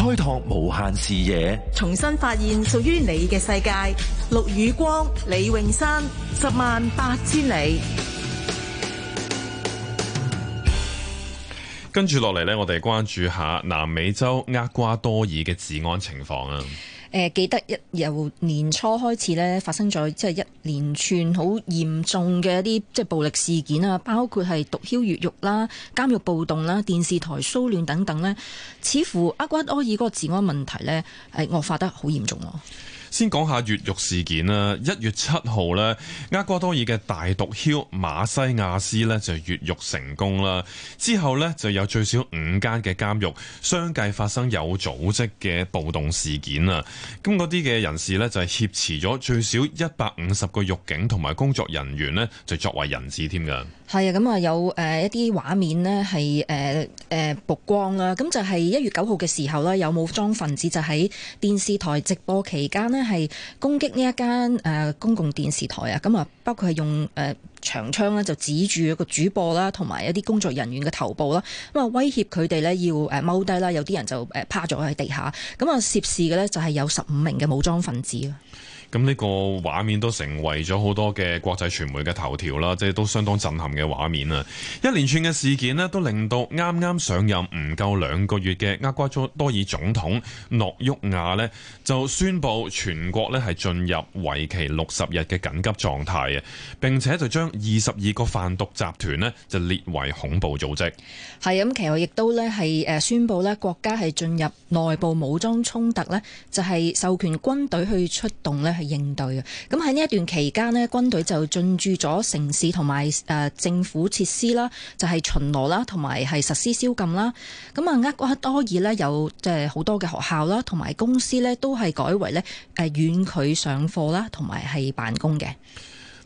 開拓無限視野，重新發現屬於你嘅世界。陸雨光、李永山，十萬八千里。跟住落嚟咧，我哋關注一下南美洲厄瓜多爾嘅治安情況啊！誒、呃、記得一由年初開始咧，發生咗即係一連串好嚴重嘅一啲即係暴力事件啊，包括係毒梟越獄啦、監獄暴動啦、電視台騷亂等等呢，似乎厄瓜多爾嗰個治安問題咧係惡化得好嚴重。先講下越獄事件啦，一月七號呢，厄瓜多爾嘅大毒梟馬西亞斯呢就越獄成功啦。之後呢，就有最少五間嘅監獄相繼發生有組織嘅暴動事件啊。咁嗰啲嘅人士呢，就係挾持咗最少一百五十個獄警同埋工作人員呢，就作為人質添㗎。係啊，咁啊有誒一啲畫面呢係誒誒曝光啦，咁就係一月九號嘅時候呢，有武裝分子就喺電視台直播期間呢係攻擊呢一間誒公共電視台啊，咁啊包括係用誒長槍咧就指住個主播啦，同埋一啲工作人員嘅頭部啦，咁啊威脅佢哋呢要誒踎低啦，有啲人就誒趴咗喺地下，咁啊涉事嘅呢，就係有十五名嘅武裝分子啊。咁呢個畫面都成為咗好多嘅國際傳媒嘅頭條啦，即係都相當震撼嘅畫面啊！一連串嘅事件呢都令到啱啱上任唔夠兩個月嘅厄瓜多爾總統諾沃亞呢就宣布全國呢係進入為期六十日嘅緊急狀態啊，並且就將二十二個販毒集團呢就列為恐怖組織。係咁，其實亦都呢係誒宣布呢國家係進入內部武裝衝突呢就係、是、授權軍隊去出動呢係應對嘅，咁喺呢一段期間呢軍隊就進駐咗城市同埋誒政府設施啦，就係、是、巡邏啦，同埋係實施宵禁啦。咁啊，厄瓜多爾呢，有即係好多嘅學校啦，同埋公司呢，都係改為咧誒遠距上課啦，同埋係辦公嘅。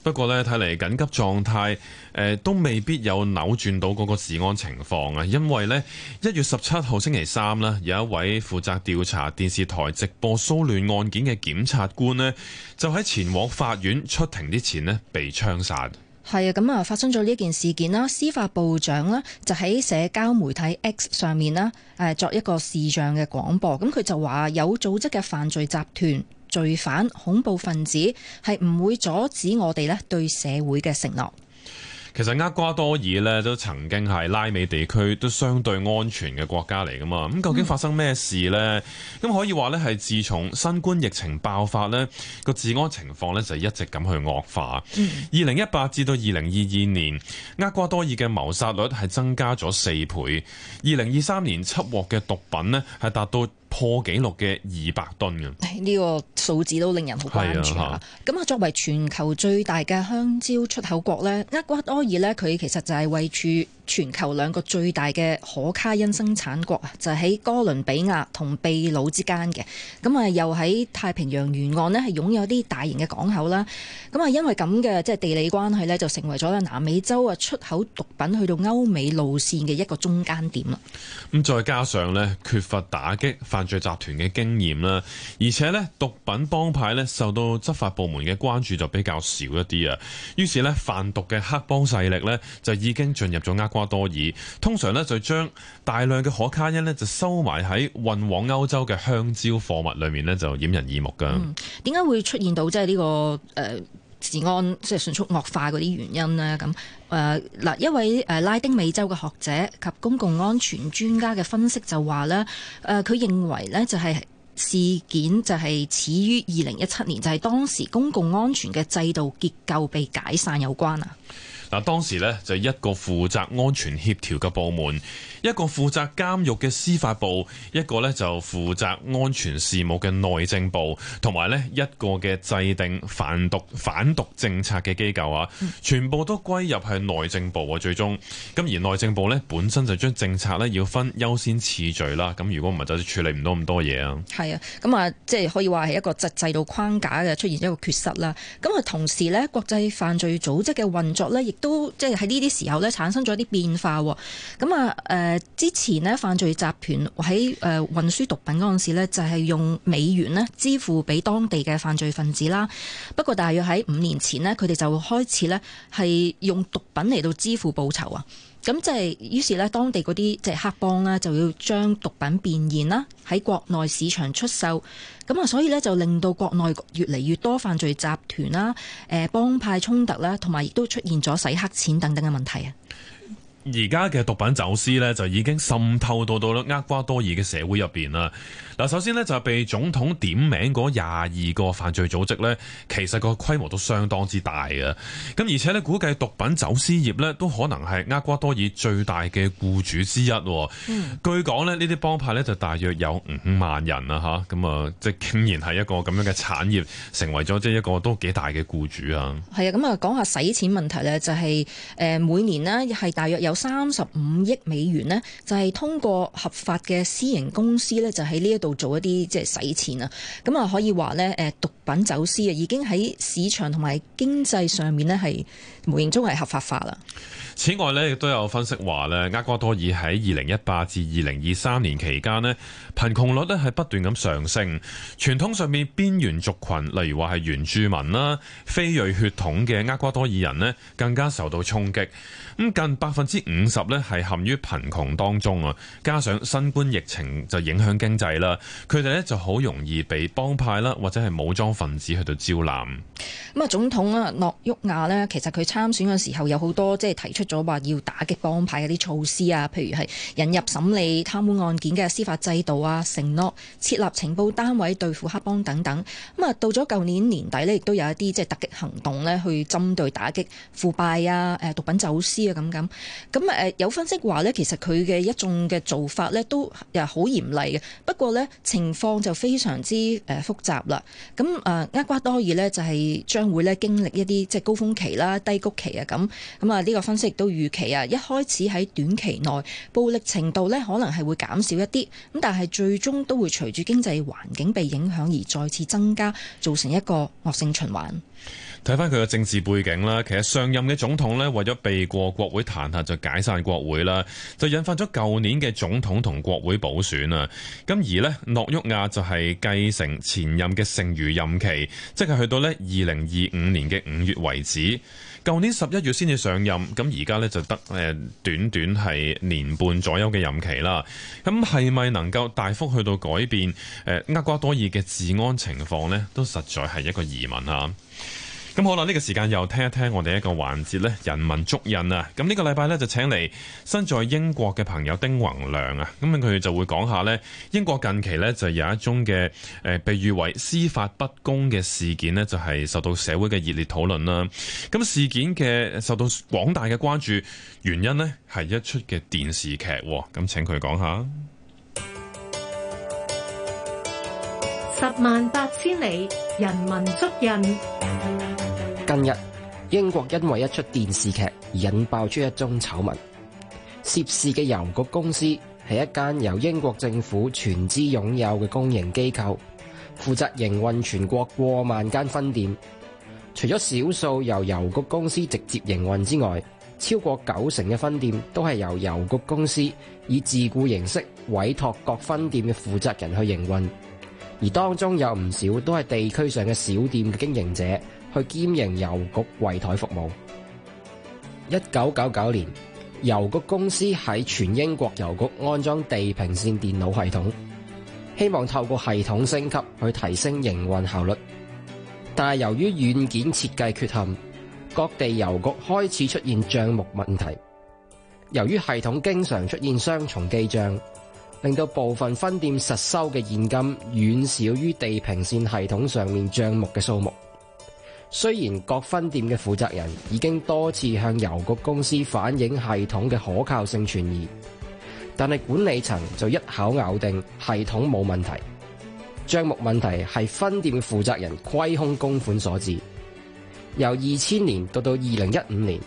不過咧，睇嚟緊急狀態誒都未必有扭轉到嗰個治安情況啊，因為呢一月十七號星期三咧，有一位負責調查電視台直播騷亂案件嘅檢察官呢，就喺前往法院出庭之前咧，被槍殺。係啊，咁啊發生咗呢件事件啦，司法部長呢，就喺社交媒體 X 上面啦誒作一個視像嘅廣播，咁佢就話有組織嘅犯罪集團。罪犯、恐怖分子係唔會阻止我哋咧對社會嘅承諾。其實厄瓜多爾呢都曾經係拉美地區都相對安全嘅國家嚟㗎嘛。咁究竟發生咩事呢？咁、嗯、可以話呢係自從新冠疫情爆發呢個治安情況呢就一直咁去惡化。二零一八至到二零二二年，厄瓜多爾嘅謀殺率係增加咗四倍。二零二三年緝獲嘅毒品呢，係達到。破紀錄嘅二百噸嘅，呢，哎呢個數字都令人好關注咁啊，作為全球最大嘅香蕉出口國呢，厄瓜多爾呢佢其實就係位處全球兩個最大嘅可卡因生產國啊，就喺哥倫比亞同秘魯之間嘅，咁啊又喺太平洋沿岸呢係擁有啲大型嘅港口啦。咁啊，因為咁嘅即係地理關係呢就成為咗南美洲啊出口毒品去到歐美路線嘅一個中間點啦。咁再加上呢，缺乏打擊犯罪集團嘅經驗啦，而且呢，毒品幫派呢受到執法部門嘅關注就比較少一啲啊。於是呢，販毒嘅黑幫勢力呢就已經進入咗。瓜多爾通常呢就將大量嘅可卡因呢就收埋喺運往歐洲嘅香蕉貨物裏面呢就掩人耳目㗎。點解、嗯、會出現到即係呢個誒、呃、治安即係、就是、迅速惡化嗰啲原因呢？咁誒，嗱，一位誒拉丁美洲嘅學者及公共安全專家嘅分析就話呢，誒，佢認為呢就係事件就係始於二零一七年就係、是、當時公共安全嘅制度結構被解散有關啊。嗱，當時咧就一個負責安全協調嘅部門，一個負責監獄嘅司法部，一個咧就負責安全事務嘅內政部，同埋咧一個嘅制定反毒反毒政策嘅機構啊，全部都歸入去內政部啊。最終，咁而內政部咧本身就將政策咧要分優先次序啦。咁如果唔係就處理唔到咁多嘢啊。係啊，咁啊，即係可以話係一個制制度框架嘅出現一個缺失啦。咁啊，同時咧國際犯罪組織嘅運作咧亦～都即係喺呢啲時候咧產生咗啲變化喎，咁啊誒之前呢，犯罪集團喺誒運輸毒品嗰陣時呢，就係用美元呢支付俾當地嘅犯罪分子啦，不過大約喺五年前呢，佢哋就開始呢係用毒品嚟到支付報酬啊。咁即係，於是咧，當地嗰啲即係黑幫啦，就要將毒品變現啦，喺國內市場出售。咁啊，所以咧，就令到國內越嚟越多犯罪集團啦、誒幫派衝突啦，同埋亦都出現咗洗黑錢等等嘅問題啊！而家嘅毒品走私咧，就已經滲透到到咧厄瓜多爾嘅社會入邊啦。嗱，首先咧就被總統點名嗰廿二個犯罪組織咧，其實個規模都相當之大嘅。咁而且咧，估計毒品走私業咧，都可能係厄瓜多爾最大嘅僱主之一。嗯。據講咧，這些呢啲幫派咧就大約有五萬人啊吓，咁啊，即係竟然係一個咁樣嘅產業成為咗即係一個都幾大嘅僱主啊。係啊，咁啊，講下洗錢問題咧，就係、是、誒、呃、每年咧係大約有。有三十五億美元咧，就係、是、通過合法嘅私營公司咧，就喺呢一度做一啲即係洗錢啊，咁啊可以話咧，誒，品走私啊，已經喺市場同埋經濟上面咧係無形中係合法化啦。此外咧，亦都有分析話咧，厄瓜多爾喺二零一八至二零二三年期間咧，貧窮率咧係不斷咁上升。傳統上面邊緣族群，例如話係原住民啦、非裔血統嘅厄瓜多爾人咧，更加受到衝擊，咁近百分之五十咧係陷於貧窮當中啊！加上新冠疫情就影響經濟啦，佢哋咧就好容易被幫派啦或者係武裝。分子喺度招攬咁啊！總統啊，諾沃亞呢，其實佢參選嘅時候有好多即係提出咗話要打擊幫派嘅啲措施啊，譬如係引入審理貪污案件嘅司法制度啊，承諾設立情報單位對付黑幫等等。咁啊，到咗舊年年底呢，亦都有一啲即係突擊行動呢，去針對打擊腐敗啊、誒毒品走私啊，咁咁。咁誒，有分析話呢，其實佢嘅一眾嘅做法呢，都又好嚴厲嘅。不過呢，情況就非常之誒複雜啦。咁呃，厄瓜多爾咧就係將會咧經歷一啲即係高峰期啦、低谷期啊，咁咁啊，呢個分析亦都預期啊，一開始喺短期內暴力程度呢可能係會減少一啲，咁但係最終都會隨住經濟環境被影響而再次增加，造成一個惡性循環。睇翻佢嘅政治背景啦，其實上任嘅總統呢，為咗避過國會彈劾，就解散國會啦，就引發咗舊年嘅總統同國會補選啊。咁而呢，諾沃亞就係繼承前任嘅剩餘任期，即係去到呢二零二五年嘅五月為止。舊年十一月先至上任，咁而家呢，就得誒短短係年半左右嘅任期啦。咁係咪能夠大幅去到改變厄瓜多爾嘅治安情況呢？都實在係一個疑問啊！咁好啦，呢、這個時間又聽一聽我哋一個環節咧，人文足印啊！咁呢個禮拜咧，就請嚟身在英國嘅朋友丁宏量啊，咁佢就會講下呢，英國近期呢，就有一宗嘅誒、呃，被譽為司法不公嘅事件呢，就係受到社會嘅熱烈討論啦。咁事件嘅受到廣大嘅關注原因呢，係一出嘅電視劇。咁請佢講下。十萬八千里，人文足印。近日，英國因為一出電視劇而引爆出一宗醜聞，涉事嘅郵局公司係一間由英國政府全資擁有嘅公營機構，負責營運全國過萬間分店。除咗少數由郵局公司直接營運之外，超過九成嘅分店都係由郵局公司以自僱形式委託各分店嘅負責人去營運。而當中有唔少都係地區上嘅小店嘅經營者去兼營郵局櫃台服務。一九九九年，郵局公司喺全英國郵局安裝地平線電腦系統，希望透過系統升級去提升營運效率。但係由於軟件設計缺陷，各地郵局開始出現帳目問題。由於系統經常出現雙重記帳，令到部分分店實收嘅現金遠少於地平線系統上面賬目嘅數目。雖然各分店嘅負責人已經多次向郵局公司反映系統嘅可靠性存疑，但係管理層就一口咬定系統冇問題，賬目問題係分店嘅負責人虧空公款所致。由二千年到到二零一五年，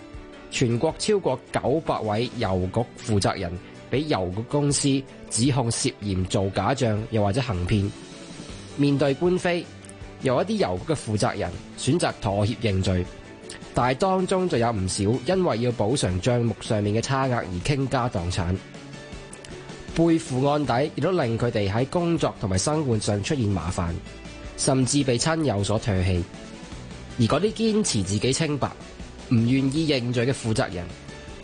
全國超過九百位郵局負責人。俾郵局公司指控涉嫌做假賬，又或者行騙。面對官非，有一啲郵局嘅負責人選擇妥協認罪，但係當中就有唔少因為要補償賬目上面嘅差額而傾家蕩產，背負案底，亦都令佢哋喺工作同埋生活上出現麻煩，甚至被親友所唾棄。而嗰啲堅持自己清白、唔願意認罪嘅負責人，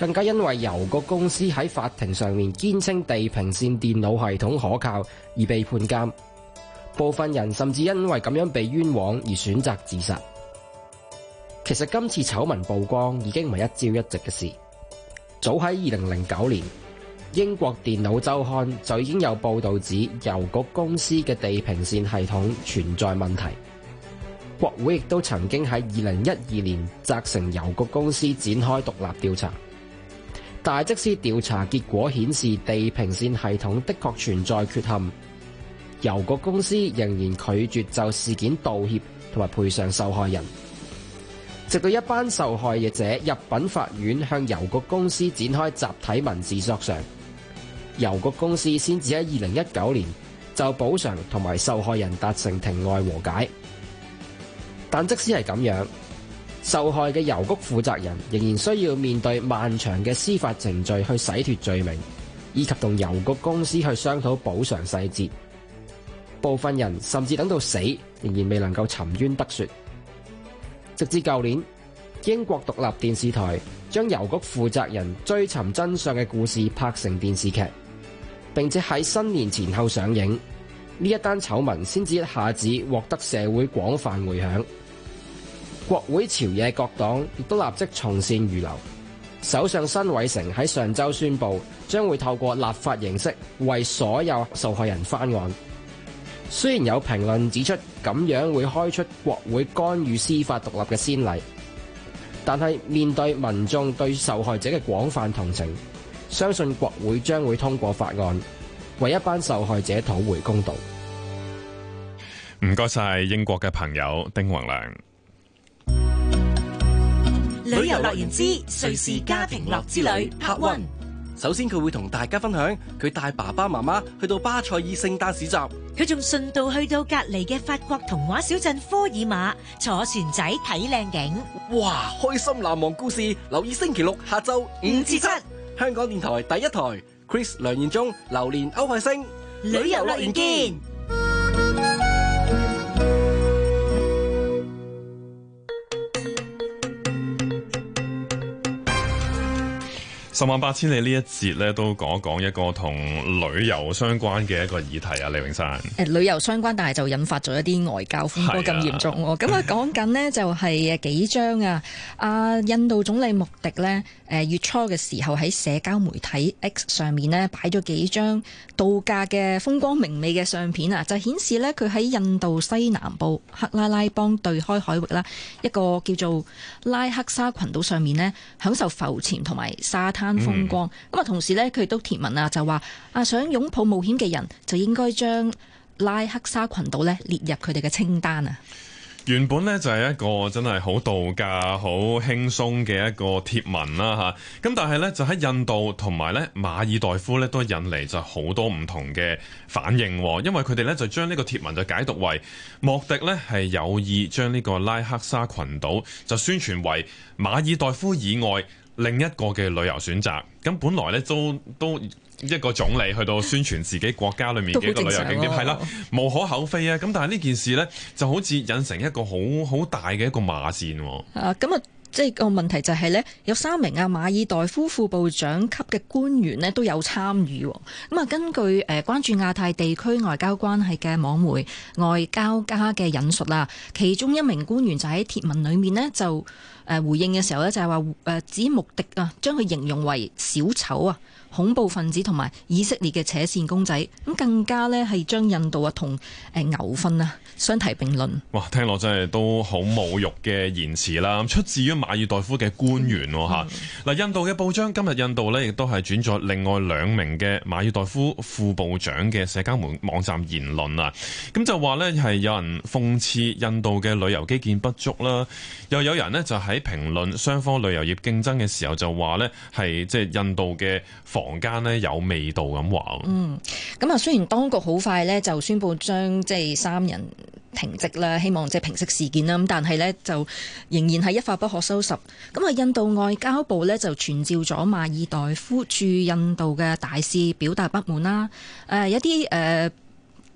更加因為郵局公司喺法庭上面堅稱地平線電腦系統可靠而被判監，部分人甚至因為咁樣被冤枉而選擇自殺。其實今次醜聞曝光已經唔係一朝一夕嘅事，早喺2009年，英國電腦週刊就已經有報導指郵局公司嘅地平線系統存在問題。國會亦都曾經喺2012年責成郵局公司展開獨立調查。但即使調查結果顯示，地平線系統的確存在缺陷。郵局公司仍然拒絕就事件道歉同埋賠償受害人。直到一班受害者入稟法院向郵局公司展開集體民事索償，郵局公司先至喺二零一九年就補償同埋受害人達成庭外和解。但即使係咁樣。受害嘅郵局負責人仍然需要面對漫長嘅司法程序去洗脫罪名，以及同郵局公司去商討補償細節。部分人甚至等到死，仍然未能夠沉冤得雪。直至舊年，英國獨立電視台將郵局負責人追尋真相嘅故事拍成電視劇，並且喺新年前後上映。呢一單醜聞先至一下子獲得社會廣泛迴響。國會朝野各黨亦都立即從善如流。首相辛偉誠喺上周宣布，將會透過立法形式為所有受害人翻案。雖然有評論指出咁樣會開出國會干預司法獨立嘅先例，但係面對民眾對受害者嘅廣泛同情，相信國會將會通過法案，為一班受害者討回公道。唔該晒英國嘅朋友丁宏量。旅遊樂園之，之瑞士家庭樂之旅，客運。首先，佢會同大家分享佢帶爸爸媽媽去到巴塞爾聖誕市集，佢仲順道去到隔籬嘅法國童話小鎮科爾馬，坐船仔睇靚景。哇！開心難忘故事，留意星期六下晝五至七香港電台第一台。Chris 梁彥忠、榴槤歐派星旅遊樂園見。十萬八千里呢一節呢都講一講一個同旅遊相關嘅一個議題啊，李永山。誒、呃，旅遊相關，但係就引發咗一啲外交風波咁、啊、嚴重。咁啊，講緊呢就係誒幾張啊，啊印度總理穆迪呢，誒、呃、月初嘅時候喺社交媒體 X 上面呢，擺咗幾張度假嘅風光明媚嘅相片啊，就顯示呢，佢喺印度西南部克拉拉邦對開海域啦，一個叫做拉克沙群島上面呢，享受浮潛同埋沙灘。風光咁啊！嗯、同時咧，佢亦都貼文啊，就話啊，想擁抱冒險嘅人就應該將拉克沙群島咧列入佢哋嘅清單啊！原本呢，就係一個真係好度假、好輕鬆嘅一個貼文啦，吓咁但係呢，就喺印度同埋咧馬爾代夫呢，都引嚟就好多唔同嘅反應，因為佢哋呢，就將呢個貼文就解讀為莫迪呢，係有意將呢個拉克沙群島就宣傳為馬爾代夫以外。另一個嘅旅遊選擇，咁本來咧都都一個總理去到宣傳自己國家裏面幾個旅遊景點係、啊、啦，無可厚非啊，咁但係呢件事呢，就好似引成一個好好大嘅一個罵戰。啊，咁啊。即係個問題就係、是、呢，有三名啊馬爾代夫副部長級嘅官員咧都有參與。咁啊，根據誒關注亞太地區外交關係嘅網媒外交家嘅引述啦，其中一名官員就喺帖文裡面咧就誒回應嘅時候咧就係話誒指穆迪啊，將佢形容為小丑啊。恐怖分子同埋以色列嘅扯線公仔，咁更加咧係將印度啊同誒牛糞啊相提並論。哇！聽落真係都好侮辱嘅言辭啦，出自於馬爾代夫嘅官員，吓嗱、嗯，印度嘅報章今日印度咧亦都係轉載另外兩名嘅馬爾代夫副部長嘅社交網網站言論啊。咁就話咧係有人諷刺印度嘅旅遊基建不足啦，又有人咧就喺評論雙方旅遊業競爭嘅時候就話咧係即係印度嘅房間呢有味道咁話嗯，咁啊雖然當局好快呢就宣布將即係三人停職啦，希望即係平息事件啦，咁但係呢就仍然係一發不可收拾。咁啊，印度外交部呢就傳召咗馬爾代夫駐印度嘅大使表達不滿啦，誒、呃，有啲誒。呃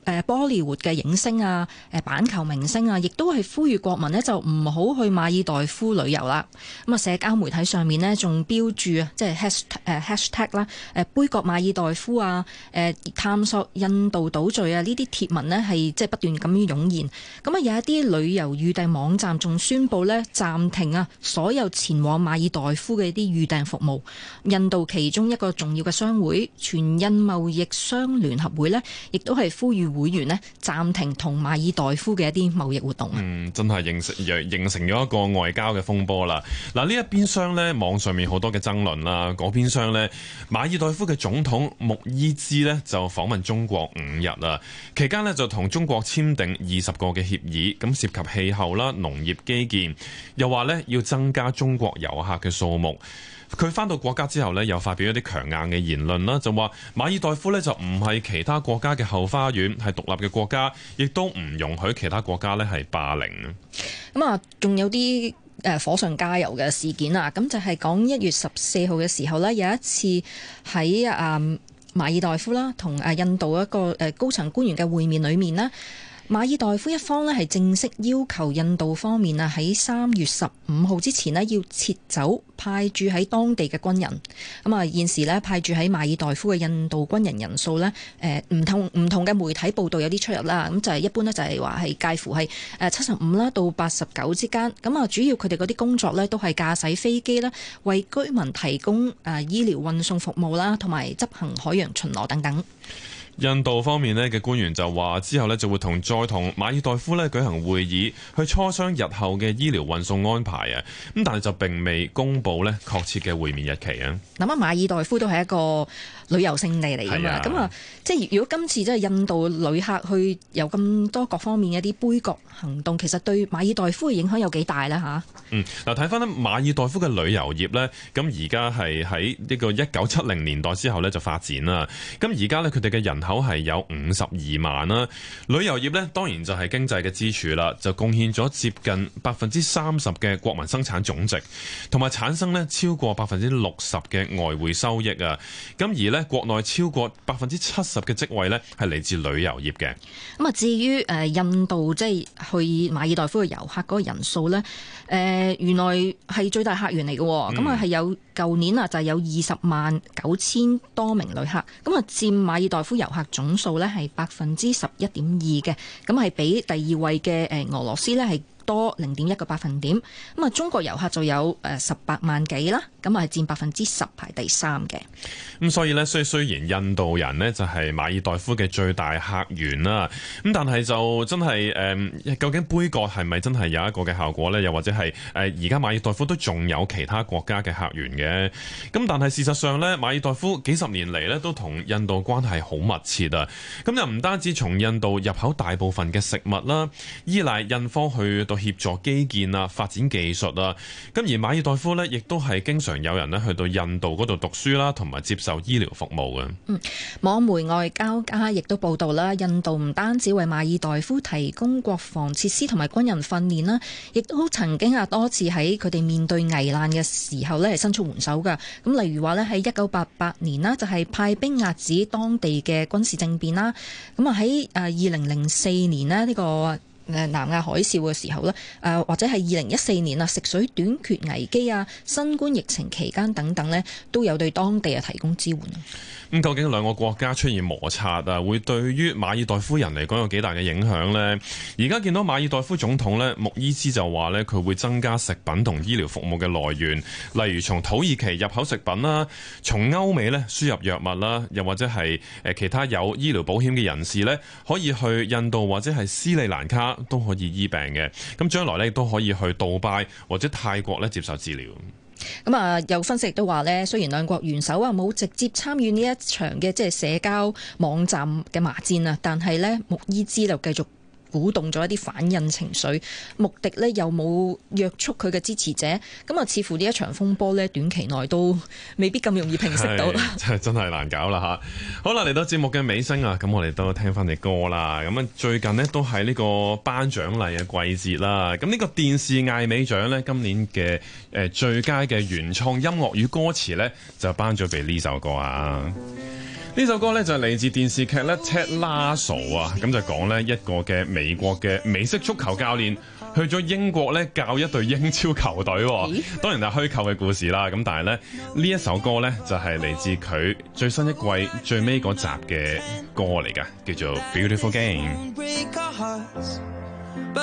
誒玻利活嘅影星啊，誒板球明星啊，亦都係呼籲國民呢就唔好去馬爾代夫旅遊啦。咁啊，社交媒體上面呢仲標註啊，即係 has hashtag 啦，誒杯葛馬爾代夫啊，誒探索印度島嶼啊，呢啲貼文呢，係即係不斷咁樣湧現。咁啊，有一啲旅遊預訂網站仲宣布呢暫停啊所有前往馬爾代夫嘅啲預訂服務。印度其中一個重要嘅商會，全印貿易商聯合會呢，亦都係呼籲。會員呢暫停同馬爾代夫嘅一啲貿易活動。嗯，真係形成形成咗一個外交嘅風波啦。嗱，呢一邊廂呢，網上面好多嘅爭論啦，嗰邊廂呢，馬爾代夫嘅總統穆伊茲呢就訪問中國五日啦，期間呢就同中國簽訂二十個嘅協議，咁涉及氣候啦、農業基建，又話呢要增加中國遊客嘅數目。佢返到國家之後呢又發表咗一啲強硬嘅言論啦，就話馬爾代夫呢，就唔係其他國家嘅後花園，係獨立嘅國家，亦都唔容許其他國家呢係霸凌。咁啊，仲有啲誒火上加油嘅事件啊，咁就係講一月十四號嘅時候呢，有一次喺啊馬爾代夫啦，同誒印度一個誒高層官員嘅會面裏面呢。馬爾代夫一方咧係正式要求印度方面啊喺三月十五號之前咧要撤走派駐喺當地嘅軍人。咁啊，現時咧派駐喺馬爾代夫嘅印度軍人人數咧，誒唔同唔同嘅媒體報道有啲出入啦。咁就係一般咧就係話係介乎係誒七十五啦到八十九之間。咁啊，主要佢哋嗰啲工作咧都係駕駛飛機咧，為居民提供誒醫療運送服務啦，同埋執行海洋巡邏等等。印度方面咧嘅官員就話，之後咧就會同再同馬爾代夫咧舉行會議，去磋商日後嘅醫療運送安排啊。咁但係就並未公布咧確切嘅會面日期啊。咁啊，馬爾代夫都係一個旅遊勝地嚟㗎嘛，咁啊，即係如果今次即係印度旅客去有咁多各方面一啲杯葛行動，其實對馬爾代夫嘅影響有幾大呢？嚇？嗯，嗱，睇翻呢馬爾代夫嘅旅遊業呢，咁而家係喺呢個一九七零年代之後呢就發展啦。咁而家呢，佢哋嘅人口係有五十二萬啦，旅遊業呢，當然就係經濟嘅支柱啦，就貢獻咗接近百分之三十嘅國民生產總值，同埋產生呢超過百分之六十嘅外匯收益啊。咁而咧，國內超過百分之七十嘅職位咧，係嚟自旅遊業嘅。咁啊，至於誒印度即係、就是、去馬爾代夫嘅遊客嗰個人數咧，誒、呃、原來係最大客源嚟嘅。咁啊、嗯，係有舊年啊，就係有二十萬九千多名旅客，咁啊，佔馬爾代夫遊客總數咧係百分之十一點二嘅。咁係比第二位嘅誒俄羅斯咧係多零點一個百分點，咁啊，中國遊客就有誒、呃、十八萬幾啦，咁啊係佔百分之十排第三嘅。咁、嗯、所以呢雖雖然印度人呢就係、是、馬爾代夫嘅最大客源啦，咁但係就真係誒、嗯、究竟杯葛係咪真係有一個嘅效果呢？又或者係誒而家馬爾代夫都仲有其他國家嘅客源嘅？咁但係事實上呢，馬爾代夫幾十年嚟呢都同印度關係好密切啊！咁又唔單止從印度入口大部分嘅食物啦，依賴印方去。協助基建啊，發展技術啊，咁而馬爾代夫咧，亦都係經常有人咧去到印度嗰度讀書啦，同埋接受醫療服務嘅。嗯，網媒外交家亦都報道啦，印度唔單止為馬爾代夫提供國防設施同埋軍人訓練啦，亦都曾經啊多次喺佢哋面對危難嘅時候咧，係伸出援手噶。咁例如話咧，喺一九八八年啦，就係派兵壓止當地嘅軍事政變啦。咁啊喺誒二零零四年咧呢個。誒南亞海嘯嘅時候咧，誒或者係二零一四年啊，食水短缺危機啊，新冠疫情期間等等咧，都有對當地啊提供支援。咁、嗯、究竟兩個國家出現摩擦啊，會對於馬爾代夫人嚟講有幾大嘅影響呢？而家見到馬爾代夫總統呢，穆伊斯就話呢，佢會增加食品同醫療服務嘅來源，例如從土耳其入口食品啦，從歐美咧輸入藥物啦，又或者係誒其他有醫療保險嘅人士呢，可以去印度或者係斯里蘭卡。都可以醫病嘅，咁將來呢，都可以去杜拜或者泰國咧接受治療。咁啊、嗯，有分析亦都話呢，雖然兩國元首啊冇直接參與呢一場嘅即係社交網站嘅罵戰啊，但係呢，穆伊茲就繼續。鼓動咗一啲反印情緒，目的咧又冇約束佢嘅支持者？咁啊，似乎呢一場風波呢短期內都未必咁容易平息到。真係真難搞啦嚇！好啦，嚟到節目嘅尾聲啊，咁我哋都聽翻啲歌啦。咁啊，最近呢，都係呢個頒獎禮嘅季節啦。咁呢個電視艾美獎咧，今年嘅誒最佳嘅原創音樂與歌詞呢，就頒咗俾呢首歌啊。呢首歌呢，就係嚟自電視劇呢《Ted Lasso》啊，咁就講呢一個嘅美國嘅美式足球教練去咗英國呢教一隊英超球隊，當然係虛構嘅故事啦。咁但係呢呢一首歌呢，就係嚟自佢最新一季最尾嗰集嘅歌嚟㗎，叫做《Beautiful Game》。